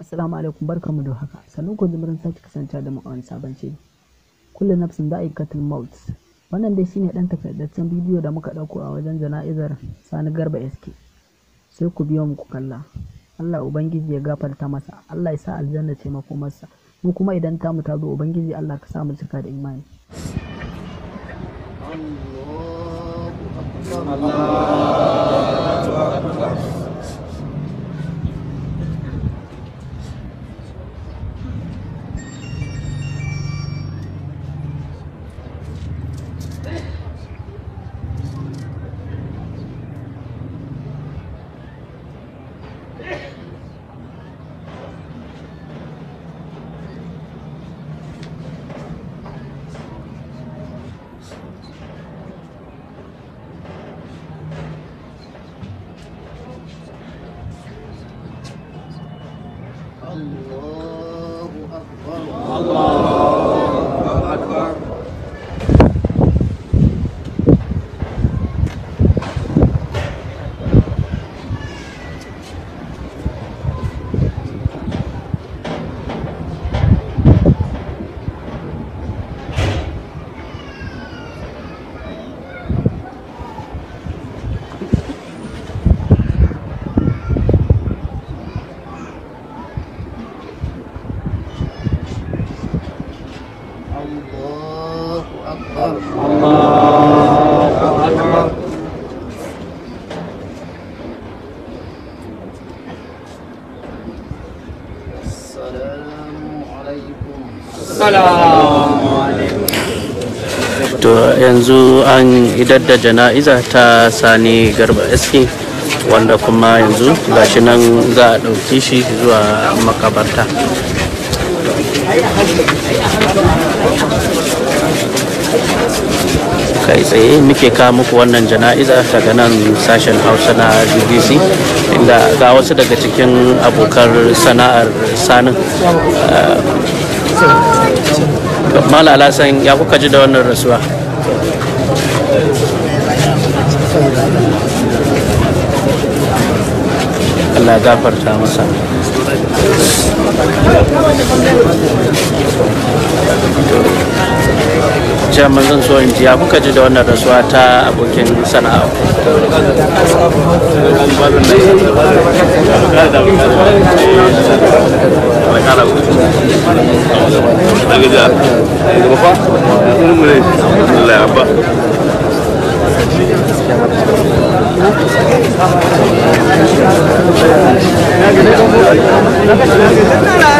Assalamu alaikum barkamu da haka sanin ku zumurin sake kasance da mu a wani sabon shiri kullum nafsin da aikatul maut wannan dai shine dan takardaccen bidiyo da muka dauko a wajen jana'izar Sani Garba SK sai ku biyo mu ku kalla Allah ubangiji ya gafarta masa Allah ya sa aljanna ce mako masa mu kuma idan ta mu ta ubangiji Allah ka sa mu cika da imani Allahu akbar الله أكبر الله To yanzu an idar da jana'iza ta Sani Garba Eski wanda kuma yanzu gashi nan za a ɗauki shi zuwa makabarta. kai tsaye muke kawo muku wannan jana'iza daga nan sashen hausa na bbc inda ga wasu daga cikin abokan sana'ar sanin eh, mala alasan ya kuka ji da wannan rasuwa Allah gafarta masa chairman zan so in ji ya kuka ji da wannan rasuwa ta abokin sana'a Thank you.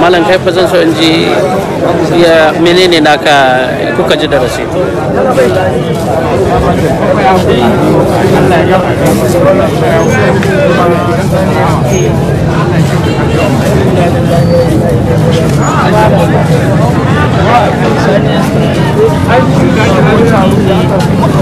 malam kai fa so in ji ya menene naka kuka ji darasi Thank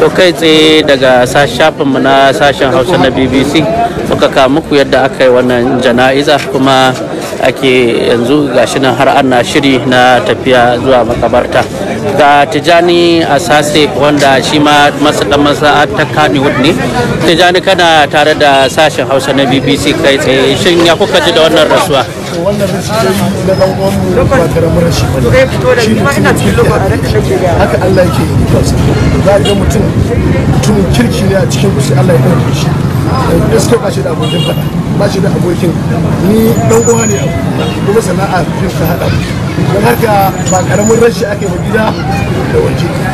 to kai tsaye daga shafinmu na sashen hausa na bbc muka kawo muku yadda aka yi wannan jana'iza kuma ake yanzu gashi nan har ana shiri na tafiya zuwa makabarta ga tijani asase wanda shi ma masu dan ta kaniwood ne tijani kana tare da sashen hausa na bbc kai tsaye shin ya kuka ji da wannan rasuwa wannan rashin da shi na dan uwan mu ba rashi ba ne ina cikin haka Allah yake yi za ga mutum kirki ne a cikin Allah ya eh, shi da da abokin fada ba shi da abokin ni dan uwa ne kuma sana'a ta hada don haka ba karamin rashi ake ba gida da waje